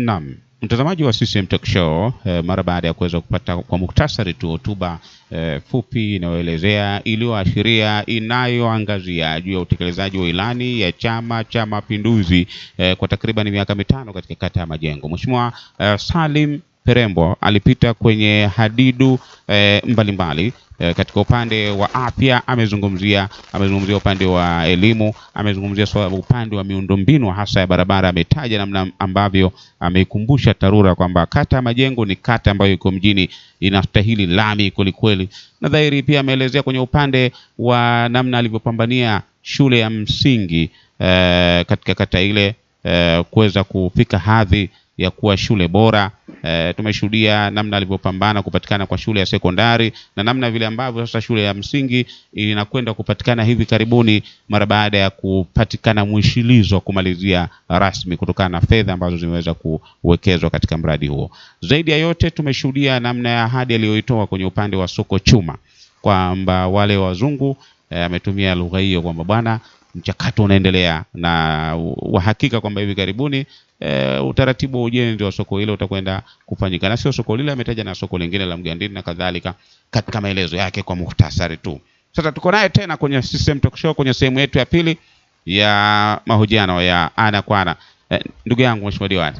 Naam, mtazamaji wa CCM Talk Show eh, mara baada ya kuweza kupata kwa muktasari tu hotuba eh, fupi inayoelezea iliyoashiria inayoangazia juu ya utekelezaji wa ilani ya Chama cha Mapinduzi eh, kwa takriban miaka mitano katika kata ya Majengo. Mheshimiwa eh, Salim Perembo alipita kwenye hadidu eh, mbalimbali Eh, katika upande wa afya amezungumzia, amezungumzia upande wa elimu, amezungumzia upande wa miundombinu hasa ya barabara. Ametaja namna ambavyo ameikumbusha TARURA kwamba kata ya Majengo ni kata ambayo iko mjini inastahili lami kwelikweli, na dhahiri pia ameelezea kwenye upande wa namna alivyopambania shule ya msingi eh, katika kata ile eh, kuweza kufika hadhi ya kuwa shule bora. E, tumeshuhudia namna alivyopambana kupatikana kwa shule ya sekondari na namna vile ambavyo sasa shule ya msingi inakwenda kupatikana hivi karibuni mara baada ya kupatikana mwishilizo wa kumalizia rasmi kutokana na fedha ambazo zimeweza kuwekezwa katika mradi huo. Zaidi ya yote, tumeshuhudia namna ya ahadi aliyoitoa kwenye upande wa soko chuma kwamba wale wazungu eh, ametumia lugha hiyo kwamba bwana mchakato unaendelea na uhakika kwamba hivi karibuni e, utaratibu wa ujenzi wa soko hilo utakwenda kufanyika, na sio soko lile, ametaja na soko lingine la Mgandini na kadhalika, katika maelezo yake kwa muhtasari tu. Sasa tuko naye tena kwenye System Talk Show kwenye sehemu yetu ya pili ya mahojiano ya ana kwa ana. E, ndugu yangu mheshimiwa diwani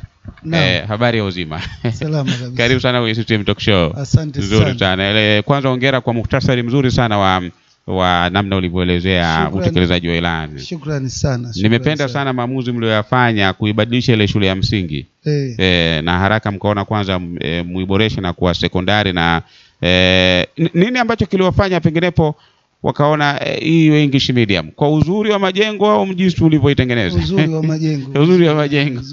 e, habari ya uzima? Salama kabisa. Karibu sana kwenye System Talk Show. Asante sana. Nzuri sana. Kwanza hongera kwa muhtasari mzuri sana wa wa namna ulivyoelezea utekelezaji wa ilani. Shukrani sana. Nimependa sana maamuzi mlioyafanya kuibadilisha ile shule ya msingi e. E, na haraka mkaona kwanza e, muiboreshe na kuwa sekondari na e, nini ambacho kiliwafanya penginepo wakaona eh, hii e, English medium kwa uzuri wa majengo au mjisu ulivyoitengeneza, uzuri wa majengo, uzuri wa majengo.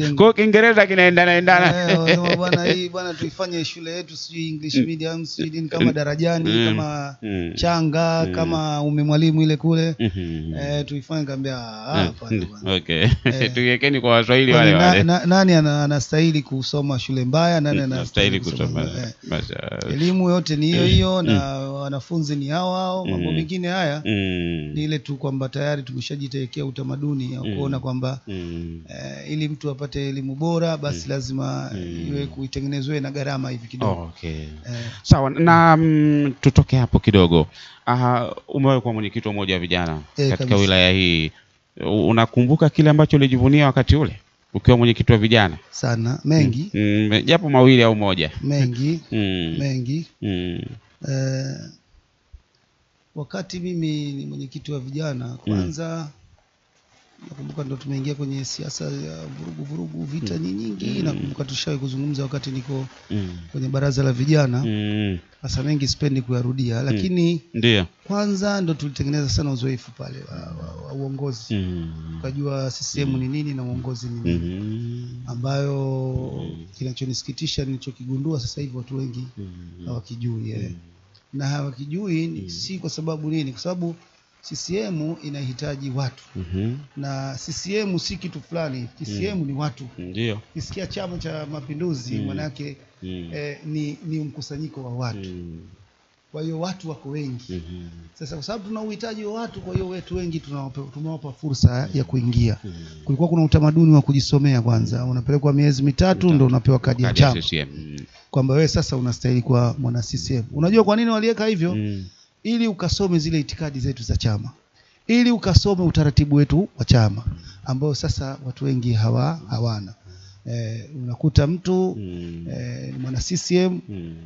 Kwa hiyo Kiingereza kinaendana endana. Eh, oh, bwana, hii bwana, tuifanye shule yetu sijui English mm. medium sijui nini, kama mm. darajani mm, kama mm, changa mm, kama umemwalimu ile kule mm -hmm. eh, tuifanye kambia ah, hapa mm. bwana, okay eh, tuiwekeni kwa Waswahili wale wale. Na, na, nani anastahili kusoma shule mbaya? Nani anastahili kusoma elimu yote ni hiyo hiyo, na wanafunzi ni hao hao mambo mm. mengine haya mm. ni ile tu kwamba tayari tumeshajitekea utamaduni ya mm. kuona kwamba mm. eh, ili mtu apate elimu bora basi mm. lazima mm. iwe kuitengenezwe na gharama hivi kidogo. Okay. Eh. Sawa na mm, tutoke hapo kidogo. Aha, umewahi kuwa mwenyekiti wa umoja wa vijana eh, katika kabisa. wilaya hii unakumbuka kile ambacho ulijivunia wakati ule ukiwa mwenyekiti wa vijana? Sana mengi, japo mm. mm, mawili au moja. Mengi mm. mengi mm. Eh, wakati mimi ni mwenyekiti wa vijana hmm. kwanza mm. nakumbuka ndo tumeingia kwenye siasa ya vurugu vurugu vita mm. nyingi mm. nakumbuka tulishawahi kuzungumza wakati niko mm. kwenye baraza la vijana hmm. hasa mm. mengi sipendi kuyarudia hmm. lakini mm. kwanza ndo tulitengeneza sana uzoefu pale wa, wa, wa uongozi mm. ukajua sisehemu mm. ni nini na uongozi ni nini mm. ambayo mm. kinachonisikitisha nilichokigundua sasa hivi watu wengi hawakijui eh. mm. yeah. mm na hawakijui mm. si kwa sababu nini? Kwa sababu CCM inahitaji watu mm -hmm. na CCM si kitu fulani. CCM mm. ni watu ndio. Kisikia Chama cha Mapinduzi maanake mm. mm. eh, ni, ni mkusanyiko wa watu mm kwa hiyo watu wako wengi mm -hmm. Sasa kwa sababu tuna uhitaji wa watu, kwa hiyo wetu wengi tumewapa fursa ya kuingia mm -hmm. Kulikuwa kuna utamaduni wa kujisomea kwanza, unapelekwa miezi mitatu ndo unapewa kadi ya chama kwamba wewe sasa unastahili kwa mwana CCM. Unajua kwa nini waliweka hivyo? mm -hmm. Ili ukasome zile itikadi zetu za chama, ili ukasome utaratibu wetu wa chama ambao sasa watu wengi hawa hawana eh, unakuta mtu mm. eh, mwana CCM mm,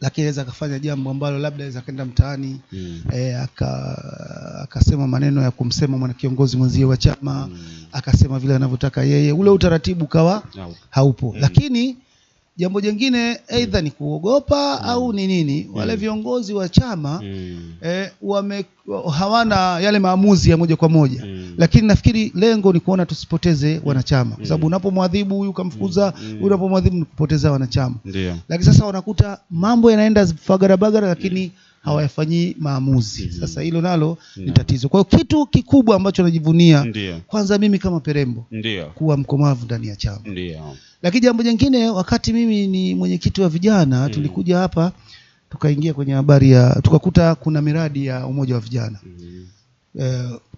lakini aweza akafanya jambo ambalo labda anaweza kaenda mtaani mm. eh, akasema aka maneno ya kumsema mwana kiongozi mwenzie wa chama mm. akasema vile anavyotaka yeye, ule utaratibu kawa haupo, haupo. Mm. lakini jambo jingine aidha ni kuogopa mm. au ni nini hmm. wale mm. viongozi wa chama mm. eh, wame, hawana yale maamuzi ya moja kwa moja mm. lakini nafikiri lengo ni kuona tusipoteze hmm. wanachama kwa sababu hmm. unapomwadhibu huyu kamfukuza mm. unapomwadhibu ni kupoteza wanachama lakini sasa wanakuta mambo yanaenda fagarabagara lakini mm Mm-hmm. hawayafanyii maamuzi mm -hmm. Sasa hilo nalo ni tatizo. Kwa hiyo kitu kikubwa ambacho najivunia Ndiyo. kwanza mimi kama Perembo Ndiyo. kuwa mkomavu ndani ya chama. Lakini jambo jingine, wakati mimi ni mwenyekiti wa vijana mm. tulikuja hapa tukaingia kwenye habari ya tukakuta kuna miradi ya umoja wa vijana mm. Eh,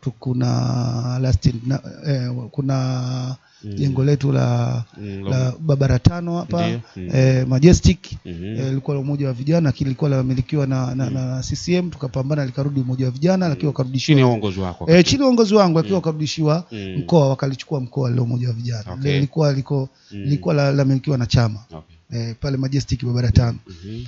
eh, kuna last, eh, kuna jengo mm. letu la, mm, la Babara tano hapa mm. eh, Majestic mm-hmm. eh, ilikuwa mm -hmm. eh, la umoja wa vijana lakini ilikuwa lamilikiwa na, na, mm. na CCM tukapambana, likarudi umoja wa vijana lakini mm. wakarudishiwa chini ya uongozi wako eh, chini uongozi wangu lakini mm. wakarudishiwa mm. mkoa, wakalichukua mkoa lile umoja wa vijana okay. lilikuwa liko mm. lilikuwa la na chama okay. eh, pale Majestic Babara tano mm -hmm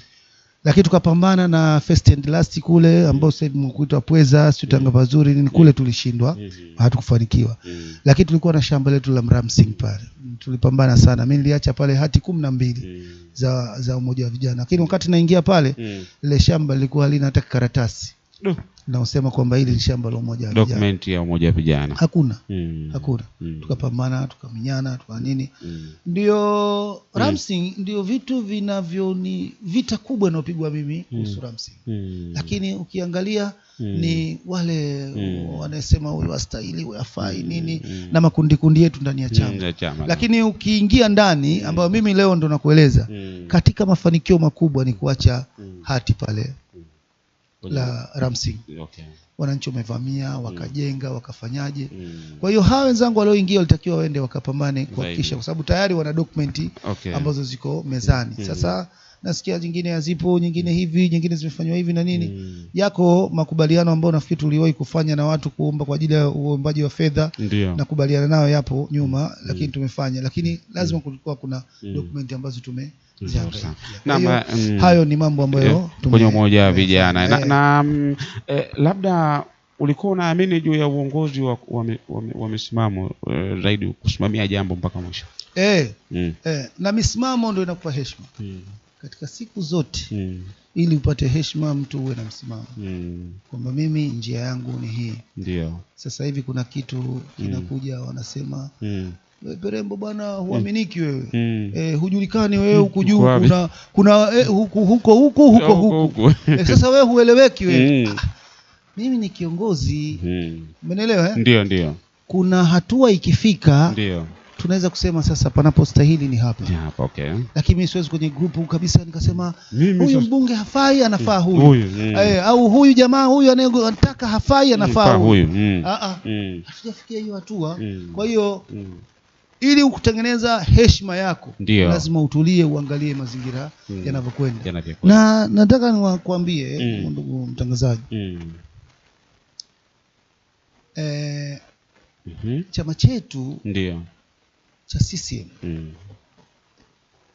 lakini tukapambana na First and Last kule ambao sasa hivi mkuitwa Pweza si Tanga mm. pazuri nini kule, mm. tulishindwa mm. hatukufanikiwa, lakini tulikuwa na shamba letu la Mramsing pale, tulipambana sana. Mimi niliacha pale hati kumi na mbili za, za umoja wa vijana, lakini wakati naingia pale lile shamba lilikuwa lina hata karatasi na usema kwamba hili ni shamba la umoja wa vijana, ya umoja wa vijana hakuna mm. hakuna mm. tukapambana tukaminyana tuka nini mm. ndio hmm. Ramsing mm. ndio vitu vinavyoni vita kubwa inayopigwa mimi hmm. kuhusu mm. Ramsing mm. lakini ukiangalia mm. ni wale mm. wanasema huyu astahili wafai hmm. nini mm. na makundi kundi yetu ndani ya chama mm. lakini ukiingia ndani ambayo mimi leo ndo nakueleza mm. katika mafanikio makubwa ni kuacha mm. hati pale la Ramsing okay. Wananchi wamevamia mm. wakajenga wakafanyaje mm. Kwa hiyo hawa wenzangu walioingia walitakiwa waende wakapambane kuhakikisha, kwa sababu tayari wana dokumenti okay. ambazo ziko mezani mm. Sasa nasikia zingine hazipo, nyingine hivi, nyingine zimefanywa hivi na nini mm. Yako makubaliano ambayo nafikiri tuliwahi kufanya na watu kuomba kwa ajili ya uombaji wa fedha, nakubaliana nayo, yapo nyuma, mm. lakini tumefanya, lakini mm. lazima mm. kulikuwa kuna mm. dokumenti ambazo tume na, hiyo, mm, hayo ni mambo ambayo eh, kwenye umoja wa eh. vijana na, eh. na mm, eh, labda ulikuwa unaamini juu ya uongozi wa, wa, wa, wa zaidi kusimamia jambo mpaka mwisho eh, mm. eh, na misimamo ndio inakupa heshima mm katika siku zote mm. ili upate heshima mtu uwe na msimamo mm. kwamba mimi njia yangu ni hii ndio sasa hivi kuna kitu hmm. kinakuja mm. wanasema mm perembo bwana huaminiki hmm. wewe mm. e, hujulikani wewe huku juu kuna, kuna e, huku huko huku huko huku e, sasa wewe hueleweki wewe mm. ah, mimi ni kiongozi mm. eh? ndio ndio kuna hatua ikifika ndio tunaweza kusema sasa panapostahili ni hapa hapa okay. Lakini mimi siwezi kwenye grupu kabisa nikasema huyu mbunge hafai anafaa mm, huyu, huyu mm. eh, au huyu jamaa huyu anayetaka hafai mm, anafaa huyu mm, ah. ah. hatujafikia hiyo hatua kwa hiyo mm. ili ukutengeneza heshima yako Ndiyo. lazima utulie, uangalie mazingira mm. yanavyokwenda, na nataka niwakwambie mm. ndugu mtangazaji mm. eh, mm -hmm. chama chetu ndio cha CCM mm.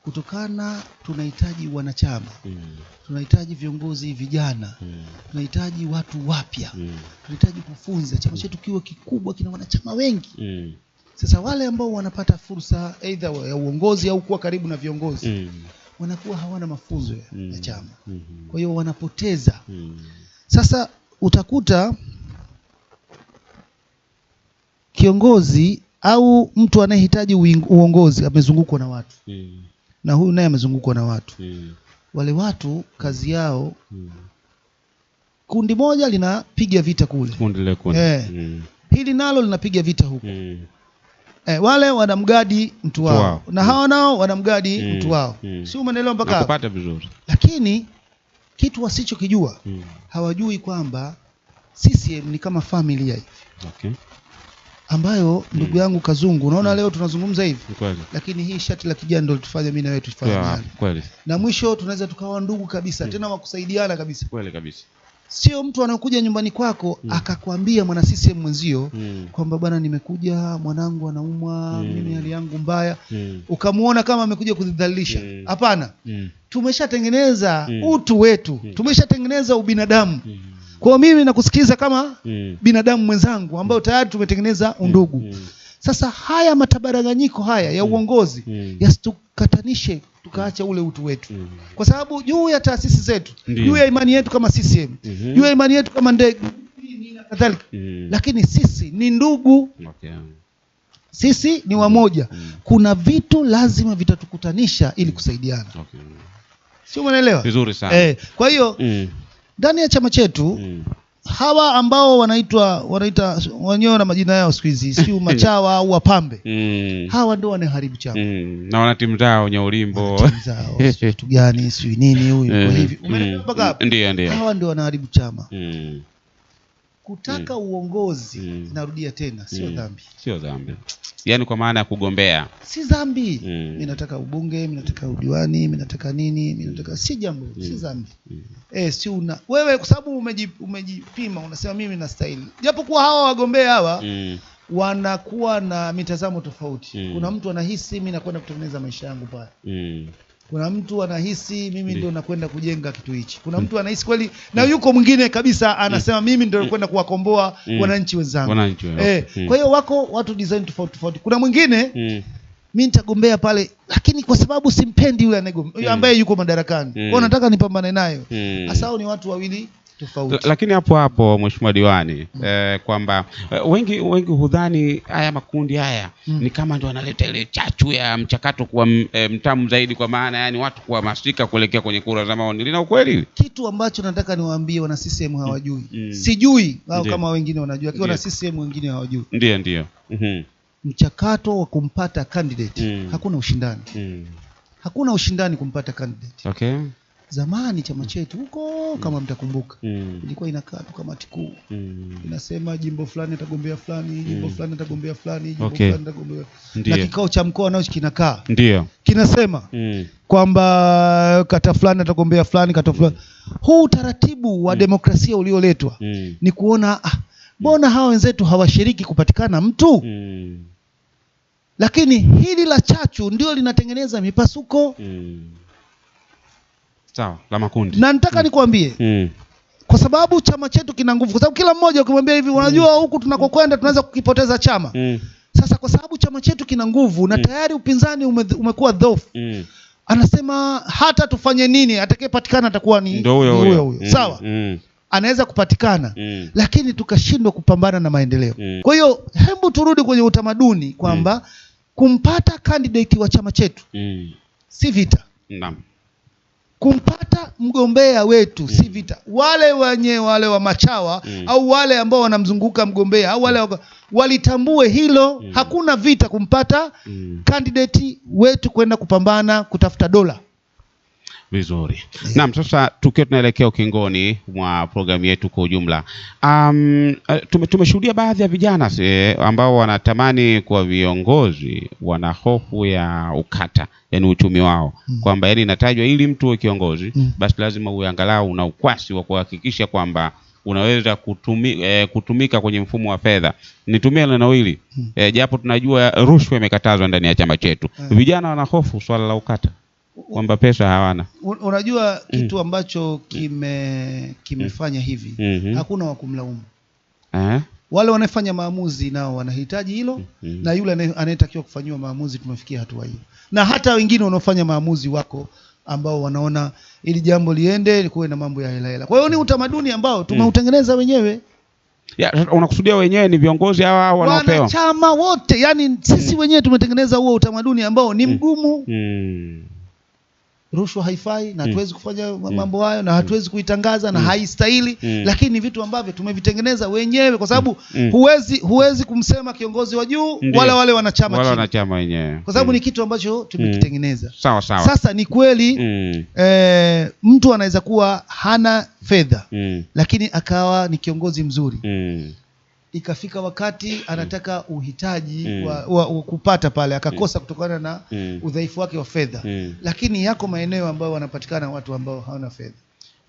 Kutokana tunahitaji wanachama mm. tunahitaji viongozi vijana mm. tunahitaji watu wapya mm. tunahitaji kufunza chama chetu kiwe kikubwa, kina wanachama wengi mm. Sasa wale ambao wanapata fursa aidha ya uongozi au kuwa karibu na viongozi mm. wanakuwa hawana mafunzo mm. ya chama mm -hmm. kwa hiyo wanapoteza mm. Sasa utakuta kiongozi au mtu anayehitaji uongozi amezungukwa na watu mm. na huyu naye amezungukwa na watu mm. wale watu kazi hmm. yao mm. kundi moja linapiga vita kule eh, mm. hili nalo linapiga vita huku mm. eh, wale wanamgadi mtu wao, wow. na hawa hmm. nao wanamgadi mm. mtu wao mm. si umeelewa mpaka lakini kitu wasichokijua mm. hawajui kwamba CCM ni kama familia hivi okay ambayo hmm. ndugu hmm. yangu Kazungu, unaona hmm. leo tunazungumza hivi kweli, lakini hii shati la kijani ndio litufanya mimi na wewe tufahamiane kweli, na mwisho tunaweza tukawa ndugu kabisa hmm. tena wakusaidiana kabisa kweli kabisa. Sio mtu anakuja nyumbani kwako mm. akakwambia mwana CCM mwenzio mm. kwamba bwana, nimekuja mwanangu anaumwa mm. mimi hali yangu mbaya mm. ukamuona kama amekuja kudhalilisha. Hmm. Hapana mm. mm. tumeshatengeneza mm. utu wetu mm. tumeshatengeneza ubinadamu mm. Kwa mimi nakusikiza kama mm. binadamu mwenzangu ambao mm. tayari tumetengeneza mm. undugu mm. Sasa haya matabaranganyiko haya ya mm. uongozi mm. yasitukatanishe tukaacha ule utu wetu mm. kwa sababu juu ya taasisi zetu Ndiyo. juu ya imani yetu kama CCM mm -hmm. juu ya imani yetu kama ndege kadhalika mm. lakini sisi ni ndugu okay. sisi ni wamoja mm. kuna vitu lazima vitatukutanisha ili kusaidiana okay. sio, unaelewa vizuri sana eh, kwa hiyo mm ndani ya chama chetu mm. hawa ambao wanaitwa wanaita wenyewe na majina yao siku hizi si machawa au wapambe mm. hawa ndio wanaharibu chama mm. na wana timu zao nyaulimbo kitu gani sijui nini huyu hmm. hivi hmm. mpaka hapo hmm. ndio ndio hawa ndio wanaharibu chama mm kutaka mm. uongozi mm. narudia tena, sio mm. dhambi, sio dhambi, yaani kwa maana ya kugombea si dhambi mm. nataka ubunge, mimi nataka udiwani, mimi nataka nini, mimi nataka si jambo mm. si dhambi mm. eh, si una wewe, kwa sababu umejipima, unasema mimi nastahili, japokuwa hawa wagombea hawa mm wanakuwa na mitazamo tofauti mm. Kuna mtu anahisi mimi nakwenda kutengeneza maisha yangu pale mm. Kuna mtu anahisi mimi ndio nakwenda kujenga kitu hichi. Kuna mm. mtu anahisi kweli, mm. na yuko mwingine kabisa anasema mm. mimi ndio nakwenda kuwakomboa wananchi wenzangu. Eh, kwa hiyo wako watu design tofauti tofauti. Kuna mwingine mi nitagombea pale, lakini kwa sababu simpendi yule ambaye yuko madarakani, kwa nataka nipambane nayo. asao ni watu wawili tofauti. Lakini hapo hapo Mheshimiwa Diwani mm. eh, kwamba eh, wengi wengi hudhani haya makundi haya mm. ni kama ndio analeta ile chachu ya mchakato kuwa eh, mtamu zaidi, kwa maana yani watu kuhamasika kuelekea kwenye kura za maoni. Lina ukweli? Kitu ambacho nataka niwaambie wana CCM hawajui mm. sijui au kama wengine wanajua, akiwa wana CCM wengine hawajui. Ndio, ndio mm -hmm. mchakato wa kumpata candidate mm. hakuna ushindani mm. hakuna ushindani kumpata candidate. Okay zamani chama mm. chetu huko mm. kama mtakumbuka mm. ilikuwa inakaa tu kamati kuu mm. inasema jimbo fulani atagombea fulani mm. jimbo fulani atagombea fulani jimbo okay. fulani atagombea na kikao cha mkoa nacho kinakaa ndio kinasema mm. kwamba kata fulani atagombea fulani kata fulani mm. huu utaratibu wa mm. demokrasia ulioletwa mm. ni kuona ah, mbona hawa wenzetu hawashiriki kupatikana mtu mm. lakini hili la chachu ndio linatengeneza mipasuko mm sawa la makundi, na nataka mm. nikwambie mm. kwa sababu chama chetu kina nguvu, kwa sababu kila mmoja ukimwambia hivi, unajua hmm. huku mm. tunakokwenda tunaweza kukipoteza chama mm. Sasa kwa sababu chama chetu kina nguvu na hmm. tayari upinzani ume, umekuwa dhaifu mm. anasema hata tufanye nini, atakayepatikana atakuwa ni huyo huyo mm. sawa mm anaweza kupatikana mm. lakini tukashindwa kupambana na maendeleo mm. kwa hiyo hebu turudi kwenye utamaduni kwamba mm. kumpata kandidati wa chama chetu mm. si vita Ndam kumpata mgombea wetu mm. si vita. Wale wenye wale wa machawa mm. au wale ambao wanamzunguka mgombea au wale mm. walitambue hilo mm. hakuna vita kumpata mm. kandidati wetu kwenda kupambana kutafuta dola vizuri yeah. Naam, sasa tukiwa tunaelekea ukingoni mwa programu yetu kwa ujumla, um, eh, tume, tumeshuhudia baadhi ya vijana se, ambao wanatamani kuwa viongozi, wana hofu ya ukata, yani uchumi wao mm. kwamba yani inatajwa ili mtu uwe kiongozi mm. basi lazima uwe angalau una ukwasi wa kuhakikisha kwamba unaweza kutumi, eh, kutumika kwenye mfumo wa fedha nitumie neno hili mm. eh, japo tunajua rushwa imekatazwa ndani ya chama chetu mm. Vijana wana hofu swala la ukata kwamba pesa hawana. Unajua mm. kitu ambacho kime kimefanya hivi mm -hmm. hakuna wa kumlaumu eh? Wale wanaefanya maamuzi nao wanahitaji hilo mm -hmm. na yule anayetakiwa kufanyiwa maamuzi tumefikia hatua hiyo, na hata wengine wanaofanya maamuzi wako ambao wanaona ili jambo liende likuwe na mambo ya hela hela. Kwa hiyo ni mm. utamaduni ambao tumeutengeneza mm. wenyewe. Ya, unakusudia wenyewe ni viongozi hawa au wanaopewa wanachama wote, yani sisi wenyewe tumetengeneza huo utamaduni ambao ni mgumu mm. Mm rushwa haifai na mm. hatuwezi kufanya mm. mambo hayo na hatuwezi kuitangaza na mm. haistahili, lakini ni vitu ambavyo tumevitengeneza wenyewe, kwa sababu huwezi huwezi kumsema kiongozi wa juu wala wale wanachama wala wanachama wenyewe, kwa sababu ni kitu ambacho tumekitengeneza. Sawa sawa. Sasa ni kweli eh, mtu anaweza kuwa hana fedha lakini akawa ni kiongozi mzuri ikafika wakati mm. anataka uhitaji mm. wa, wa, wa kupata pale akakosa mm. kutokana na mm. udhaifu wake wa fedha mm. lakini yako maeneo ambayo wanapatikana watu ambao hawana fedha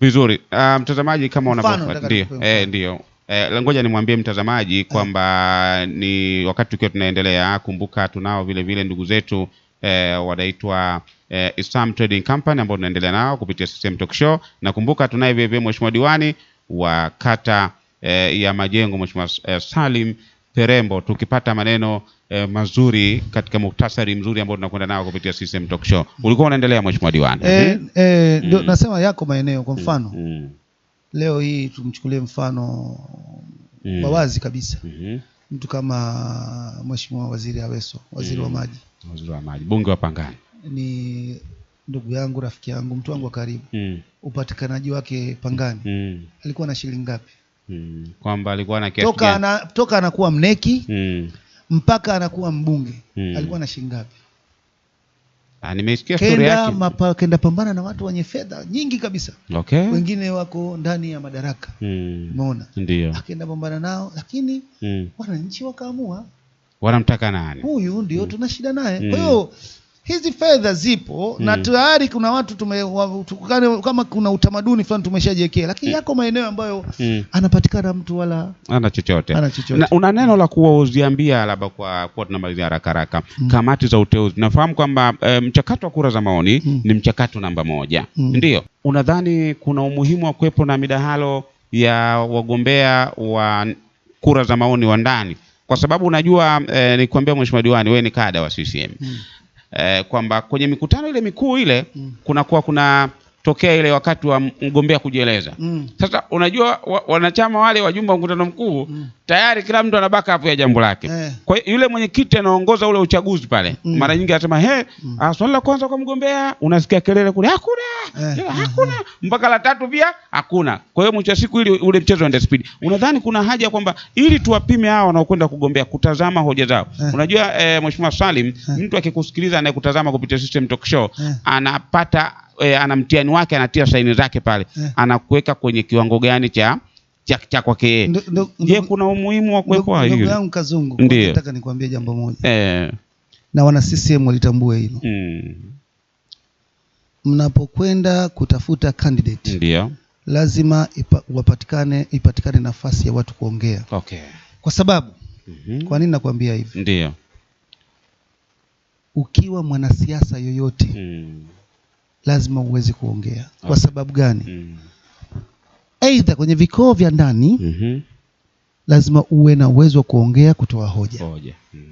vizuri. Ah, mtazamaji um, kama unavyo eh, ndio Eh, ngoja nimwambie mtazamaji eh. kwamba ni wakati tukiwa tunaendelea, kumbuka tunao vile vile ndugu zetu eh, wanaitwa eh, Islam Trading Company ambao tunaendelea nao kupitia CCM Talk Show, na kumbuka tunaye vile vile mheshimiwa diwani wa kata eh, ya majengo Mheshimiwa eh, Salim Perembo, tukipata maneno eh, mazuri katika muktasari mzuri ambao tunakwenda nao kupitia CCM Talk Show. Ulikuwa unaendelea Mheshimiwa Diwani. Eh, mhm. eh, mm. Nasema yako maeneo kwa mfano mm, mm. leo hii tumchukulie mfano mm. wa wazi kabisa mm mtu kama Mheshimiwa Waziri Aweso, waziri mm. wa maji, waziri wa maji, bunge wa Pangani ni ndugu yangu, rafiki yangu, mtu wangu wa karibu mm. upatikanaji wake Pangani mm. alikuwa na shilingi ngapi? mm. kwamba alikuwa na kiasi toka, ana, toka anakuwa mneki mm. mpaka anakuwa mbunge mm. alikuwa na shingapi ngapi? Ah, mapa, kenda pambana na watu wenye fedha nyingi kabisa okay. Wengine wako ndani ya madaraka mm. Umeona, ndio akenda pambana nao, lakini mm. wananchi wakaamua wanamtaka nani huyu, ndio mm. tuna shida naye mm. kwa hmm. hiyo hizi fedha zipo mm. na hmm. tayari kuna watu tume, wa, tukane, kama kuna utamaduni fulani tumeshajiwekea, lakini mm. yako maeneo ambayo mm. anapatikana mtu wala ana chochote Una neno la kuwauziambia labda kwa kwa tunamalizia haraka haraka mm. kamati za uteuzi, nafahamu kwamba e, mchakato wa kura za maoni mm. ni mchakato namba moja mm. ndio. Unadhani kuna umuhimu wa kuwepo na midahalo ya wagombea wa kura za maoni wa ndani, kwa sababu unajua e, eh, nikwambia mheshimiwa diwani, wewe ni kada wa CCM mm eh, kwamba kwenye mikutano ile mikuu ile mm. kunakuwa kuna tokea ile wakati wa mgombea kujieleza mm. Sasa unajua wa, wanachama wale wajumbe wa mkutano mkuu mm. tayari kila mtu anabaka hapo ya jambo lake eh. Kwa hiyo yule mwenyekiti anaongoza ule uchaguzi pale mm. mara nyingi anasema he mm. Ah, swali la kwanza kwa mgombea, unasikia kelele kule hakuna eh. ya, mm-hmm. hakuna mm -hmm. mpaka la tatu pia hakuna. Kwa hiyo mwisho siku ili ule mchezo uende speed. Unadhani kuna haja kwamba ili tuwapime hao wanaokwenda kugombea kutazama hoja zao eh. Unajua eh, mheshimiwa Salim eh. mtu akikusikiliza anayekutazama kupitia system talk show eh. anapata e, ana mtihani wake anatia saini zake pale eh, anakuweka kwenye kiwango gani cha cha, cha kwake yeye. Je, kuna umuhimu wa kuwepo hiyo? Ndugu yangu Kazungu, nataka nikwambie jambo moja eh, na wana CCM walitambue hilo mm. Mnapokwenda kutafuta candidate ndio lazima ipa, wapatikane ipatikane nafasi ya watu kuongea okay. Kwa sababu mm -hmm. Kwa nini nakwambia hivi? Ndio ukiwa mwanasiasa yoyote mm lazima uweze kuongea okay. Kwa sababu gani? mm. Aidha kwenye vikao vya ndani mm -hmm. lazima uwe na uwezo wa kuongea, kutoa hoja, Mm.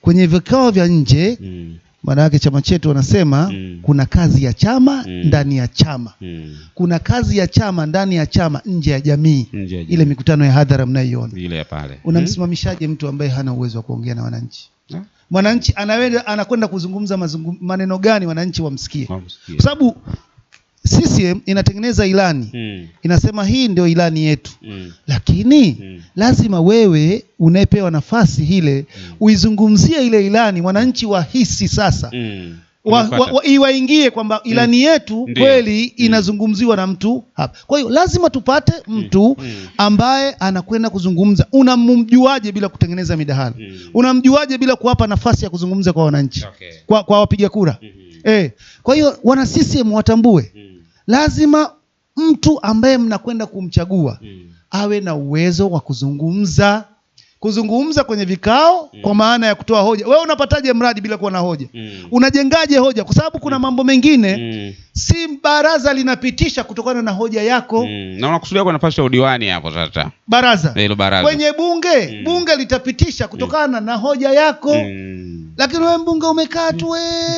Kwenye vikao vya nje mm. yake chama chetu wanasema mm. kuna kazi ya chama mm. ndani ya chama mm. kuna kazi ya chama ndani ya chama, nje ya jamii, ile mikutano ya hadhara mnaiona ile pale, unamsimamishaje mm. mtu ambaye hana uwezo wa kuongea na wananchi? Ah mwananchi anaweza anakwenda kuzungumza mazungum, maneno gani wananchi wamsikie, kwa sababu CCM inatengeneza ilani hmm. inasema hii ndio ilani yetu hmm. lakini hmm. lazima wewe unayepewa nafasi ile hmm. uizungumzie ile ilani, mwananchi wahisi sasa hmm iwaingie kwamba mm. ilani yetu mm. kweli mm. inazungumziwa na mtu hapa. Kwa hiyo lazima tupate mm. mtu mm. ambaye anakwenda kuzungumza. Unamjuaje bila kutengeneza midahalo? mm. Unamjuaje bila kuwapa nafasi ya kuzungumza kwa wananchi, okay. kwa, kwa wapiga kura mm -hmm. eh. Kwa hiyo wana CCM watambue mm. lazima mtu ambaye mnakwenda kumchagua mm. awe na uwezo wa kuzungumza kuzungumza kwenye vikao mm. kwa maana ya kutoa hoja. Wewe unapataje mradi bila kuwa na hoja mm. unajengaje hoja? Kwa sababu kuna mm. mambo mengine mm. si baraza linapitisha kutokana na hoja yako mm. na unakusudia kwa nafasi ya udiwani hapo sasa, baraza baraza kwenye bunge mm. bunge litapitisha kutokana mm. na hoja yako mm lakini wewe mbunge umekaa tu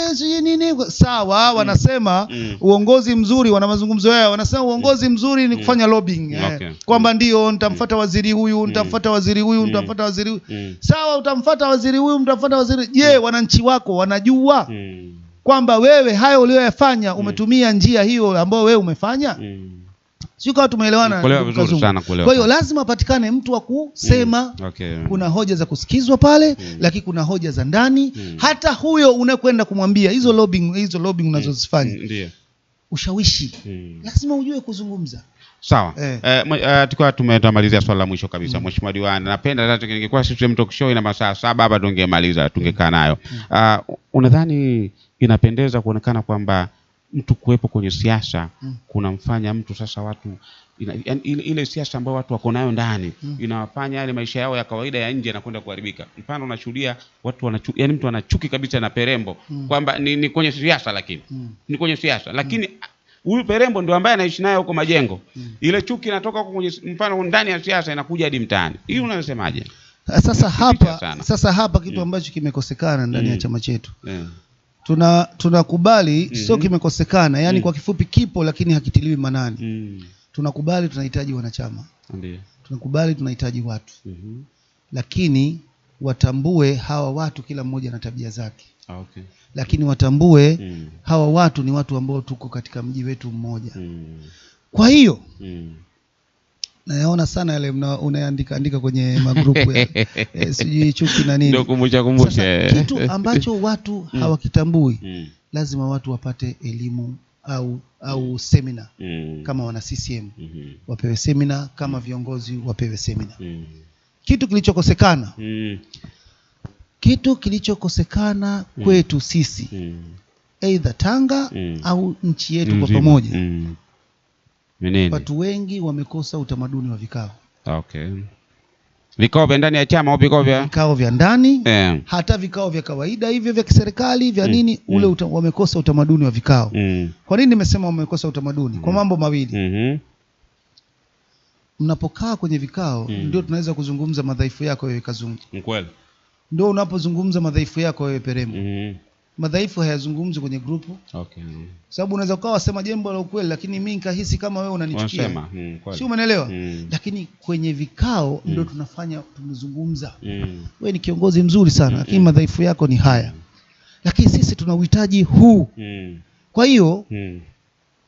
sijui mm. nini. Sawa, mm. wanasema mm. uongozi mzuri, wana mazungumzo yao, wanasema uongozi mm. mzuri ni kufanya lobbying eh, okay. eh, kwamba ndio nitamfuata waziri huyu, nitamfuata waziri huyu, nitamfuata waziri huyu mm. sawa, utamfuata waziri huyu, mtamfuata waziri. Je, wananchi wako wanajua mm. kwamba wewe hayo uliyoyafanya umetumia njia hiyo ambayo wewe umefanya mm sio kama tumeelewana Kwa hiyo lazima apatikane mtu wa kusema mm. okay. kuna hoja za kusikizwa pale mm. lakini kuna hoja za ndani mm. hata huyo unakwenda kumwambia hizo lobbying, hizo lobbying mm. unazozifanya mm. ushawishi mm. lazima ujue kuzungumza sawa eh. Eh, eh tukiwa tumetamalizia swala la mwisho kabisa mm. mheshimiwa mm. diwani napenda hata ningekuwa talk show ina masaa saba hapa tungemaliza tungekaa mm. nayo mm. uh, unadhani inapendeza kuonekana kwamba mtu kuwepo kwenye siasa mm. kunamfanya mtu sasa watu ina, ile, ile siasa ambayo watu wako nayo ndani mm. inawafanya yale maisha yao ya kawaida ya nje yanakwenda kuharibika. Mfano, unashuhudia watu wanachu, yani mtu anachuki kabisa na Perembo mm. kwamba ni, ni kwenye siasa lakini mm. ni kwenye siasa mm. lakini mm huyu Perembo ndio ambaye anaishi naye huko Majengo mm. ile chuki inatoka huko kwenye mfano ndani ya siasa inakuja hadi mtaani. Hii mm. unasemaje? Sasa hapa sasa hapa kitu ambacho kimekosekana ndani mm. ya chama chetu mm tuna tunakubali mm -hmm. Sio mhm. kimekosekana yani mm -hmm. Kwa kifupi kipo lakini hakitiliwi manani mm -hmm. Tunakubali tunahitaji wanachama Ndiyo. Tunakubali tunahitaji watu mm -hmm. Lakini watambue hawa watu kila mmoja na tabia zake ah, okay. Lakini watambue mm. hawa watu ni watu ambao tuko katika mji wetu mmoja mm. Kwa hiyo mm nayaona sana yale unaandika andika kwenye magrupu ya e, eh, sijui chuki na nini. Ndio kumbusha kumbusha kitu ambacho watu mm. hawakitambui mm. lazima watu wapate elimu au au semina mm. kama wana CCM mm-hmm. wapewe semina kama viongozi wapewe semina mm. kitu kilichokosekana mm. kitu kilichokosekana mm. kwetu sisi mm. aidha Tanga mm. au nchi yetu kwa pamoja mm nini? Watu wengi wamekosa utamaduni wa vikao. Okay. Vikao vya ndani ya chama au vikao vya vikao vya ndani yeah. Hata vikao vya kawaida hivyo vya kiserikali vya mm. nini ule mm. uta, wamekosa utamaduni wa vikao mm. Kwa nini nimesema wamekosa utamaduni mm. Kwa mambo mawili mm -hmm. Mnapokaa kwenye vikao mm. ndio tunaweza kuzungumza madhaifu yako wewe Kazungu, kweli ndio unapozungumza madhaifu yako wewe Peremu mm -hmm madhaifu hayazungumzi kwenye grupu okay. Sababu unaweza ukawa wasema jembo la ukweli, lakini mi nikahisi kama wewe unanichukia mm, si umenelewa mm. Lakini kwenye vikao mm. ndo tunafanya tumezungumza mm. Wewe ni kiongozi mzuri sana mm. lakini madhaifu yako ni haya mm. Lakini sisi tuna uhitaji huu mm. Kwa hiyo mm.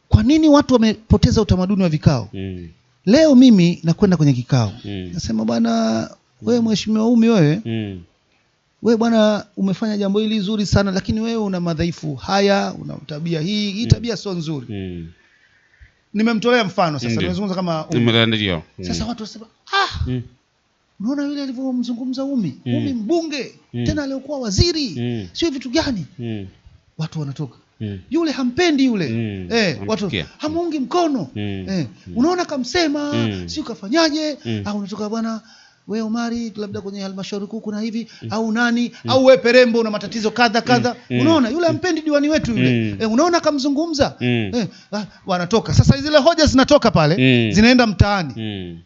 kwa nini watu wamepoteza utamaduni wa vikao mm. Leo mimi nakwenda kwenye kikao mm. nasema bwana, wewe mheshimiwa Umi, wewe mm we bwana umefanya jambo hili zuri sana lakini wewe una madhaifu haya una tabia hii hii mm. tabia sio nzuri mm. nimemtolea mfano sasa nimezungumza kama ndio sasa mm. watu wasema ah mm. unaona yule alivyomzungumza umi mm. umi mbunge mm. tena aliokuwa waziri mm. sio vitu gani mm. watu wanatoka Mm. yule hampendi yule mm. eh, watu mm. hamuungi mkono mm. eh, unaona kamsema mm. si ukafanyaje mm. ah, unatoka bwana we Umari labda kwenye halmashauri kuu kuna hivi mm. au nani mm. au we Perembo una matatizo kadha mm. kadha mm. unaona yule mm. ampendi diwani wetu yule mm. e, unaona akamzungumza mm. e, wanatoka sasa, zile hoja zinatoka pale mm. zinaenda mtaani mm.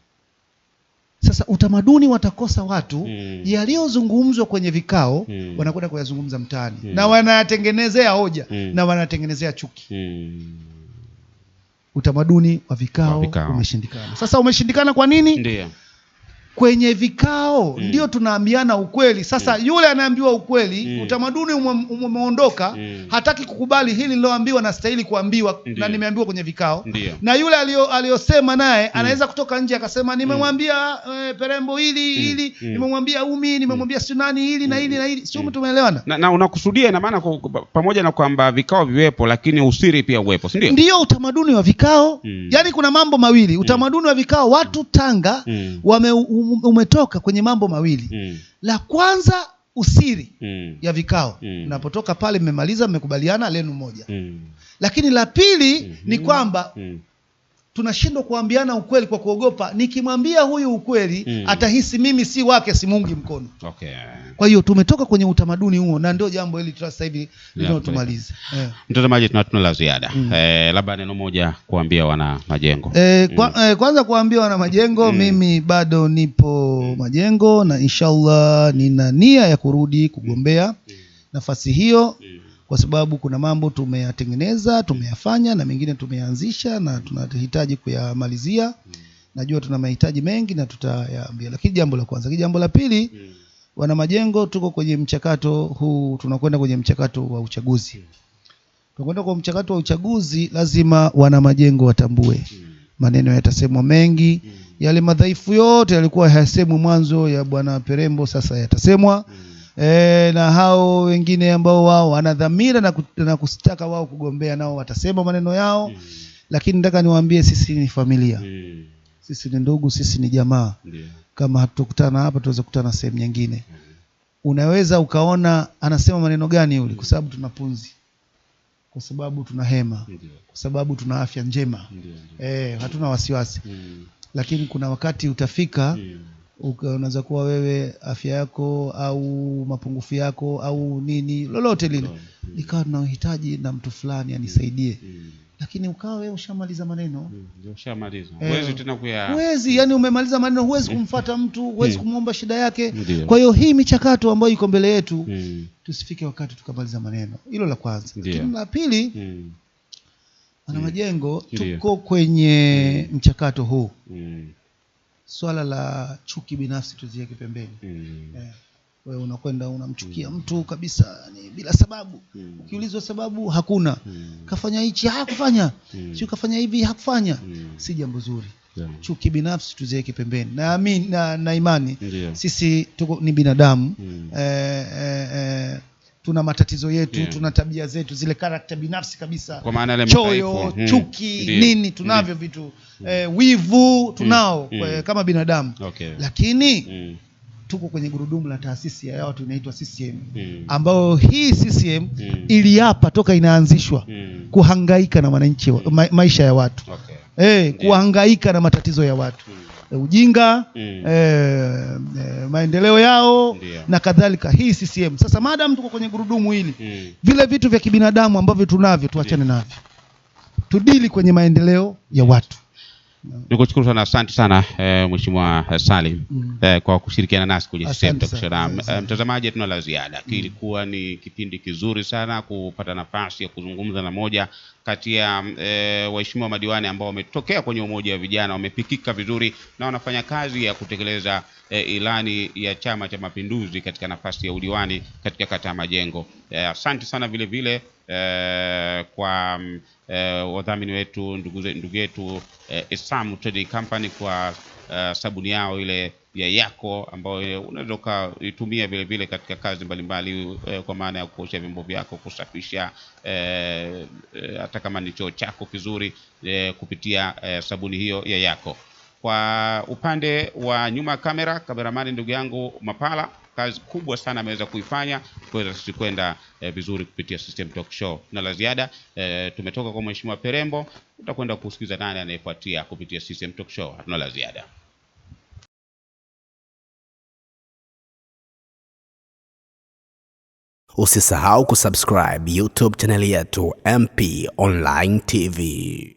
Sasa utamaduni watakosa watu mm. yaliyozungumzwa kwenye vikao mm. wanakwenda kuyazungumza mtaani mm. na wanayatengenezea hoja mm. na wanatengenezea chuki mm. Utamaduni wa vikao umeshindikana. Sasa umeshindikana kwa nini? Ndiyo kwenye vikao mm. Ndio tunaambiana ukweli sasa mm. Yule anaambiwa ukweli mm. Utamaduni umeondoka mm. Hataki kukubali hili liloambiwa na stahili kuambiwa Ndiyo. Na nimeambiwa kwenye vikao Ndiyo. Na yule aliyosema naye mm. anaweza kutoka nje akasema mm. nimemwambia e, Perembo hili mm. hili mm. nimemwambia Umi nimemwambia mm. Sunani hili mm. na hili na hili sio mm. Tumeelewana na, na unakusudia ina maana pamoja na kwamba vikao viwepo, lakini usiri pia uwepo, si ndio? utamaduni wa vikao mm. Yani kuna mambo mawili utamaduni wa vikao watu Tanga mm. wame umetoka kwenye mambo mawili mm. la kwanza usiri mm. ya vikao mm. mnapotoka mm. pale mmemaliza mmekubaliana lenu moja mm. lakini la pili mm -hmm. ni kwamba mm tunashindwa kuambiana ukweli kwa kuogopa nikimwambia huyu ukweli mm. atahisi mimi si wake simungi mkono okay. kwa hiyo tumetoka kwenye utamaduni huo na ndio jambo hili sasa hivi linalotumaliza yeah. mtazamaji tunatuna la ziada mm. labda neno moja kuambia wana majengo eh, kwa, mm. eh, kwanza kuambia wana majengo mm. mimi bado nipo mm. majengo na inshallah nina nia ya kurudi kugombea mm. nafasi hiyo mm kwa sababu kuna mambo tumeyatengeneza, tumeyafanya na mengine tumeyaanzisha na tunahitaji kuyamalizia. Najua tuna mahitaji mengi na tutayaambia, lakini jambo la kwanza. Lakini jambo la pili, wana majengo, tuko kwenye mchakato huu, tunakwenda kwenye mchakato wa uchaguzi. Tunakwenda kwa mchakato wa uchaguzi, lazima wana majengo watambue maneno yatasemwa mengi, yale madhaifu yote yalikuwa hayasemwi mwanzo ya bwana Perembo, sasa yatasemwa e, na hao wengine ambao wao wana dhamira na, na kustaka wao kugombea nao watasema maneno yao mm. Lakini nataka niwaambie sisi ni familia mm. Sisi ni ndugu, sisi ni jamaa yeah. Kama hatukutana hapa tuweze kukutana sehemu nyingine mm. Unaweza ukaona anasema maneno gani yule, kwa sababu tuna punzi kwa sababu tuna hema yeah. Kwa sababu tuna afya njema yeah, yeah. E, hatuna wasiwasi yeah. Mm. Lakini kuna wakati utafika yeah. Mm unaweza kuwa wewe afya yako au mapungufu yako au nini lolote lile likawa mm. tunahitaji na mtu fulani anisaidie mm. mm. lakini ukawa wewe ushamaliza maneno mm. ushamaliza eh. huwezi tena kuya huwezi yani umemaliza maneno huwezi kumfata mtu huwezi kumwomba shida yake kwa hiyo hii michakato ambayo iko mbele yetu tusifike wakati tukamaliza maneno hilo la kwanza lakini la pili wana majengo tuko kwenye mchakato huu mm swala la chuki binafsi tuziweke pembeni mm. eh, wewe unakwenda unamchukia mm. mtu kabisa ni bila sababu mm. ukiulizwa sababu hakuna mm. kafanya hichi hakufanya mm. si kafanya hivi hakufanya mm. si jambo zuri yeah. chuki binafsi tuziweke pembeni naamini na, na imani yeah. sisi tuko ni binadamu mm. eh, eh, eh, tuna matatizo yetu yeah. tuna tabia zetu zile karakta binafsi kabisa, kwa maana choyo hmm. chuki Ndiye. nini tunavyo hmm. vitu hmm. eh, wivu hmm. tunao hmm. Kwe, eh, kama binadamu okay. lakini hmm tuko kwenye gurudumu la taasisi ya watu inaitwa CCM hmm. ambayo hii CCM hmm. iliapa toka inaanzishwa hmm. kuhangaika na wananchi hmm. ma maisha ya watu okay. hey, eh, kuhangaika na matatizo ya watu hmm. Eh, ujinga mm. e, maendeleo yao Ndia. na kadhalika. Hii CCM sasa, madam tuko kwenye gurudumu hili mm. vile vitu vya kibinadamu ambavyo tunavyo tuachane navyo, tudili kwenye maendeleo ya watu. Nikushukuru sana, asante sana e, Mheshimiwa Salim mm. e, kwa kushirikiana nasi kwenye e, mtazamaji, hatuna la ziada. Kilikuwa mm. ni kipindi kizuri sana kupata nafasi ya kuzungumza na moja kati ya e, waheshimiwa madiwani ambao wametokea kwenye umoja wa vijana wamepikika vizuri na wanafanya kazi ya kutekeleza e, ilani ya Chama cha Mapinduzi katika nafasi ya udiwani katika kata ya Majengo. Eh, asante e, sana vile vile e, kwa e, wadhamini wetu ndugu yetu e, Esam Trading Company kwa e, sabuni yao ile ya yako ambayo unaweza ukaitumia vile vile katika kazi mbalimbali e, kwa maana ya kuosha vyombo vyako, kusafisha eh, eh, hata e, e, kama ni choo chako kizuri e, kupitia e, sabuni hiyo ya yako. Kwa upande wa nyuma kamera, kameramani ndugu yangu Mapala kazi kubwa sana ameweza kuifanya kuweza sisi kwenda eh, vizuri kupitia System Talk Show. Na la ziada eh, tumetoka kwa Mheshimiwa Perembo, tutakwenda kusikiza nani anayefuatia kupitia System Talk Show. Hatuna la ziada. Usisahau kusubscribe YouTube channel yetu MP Online TV.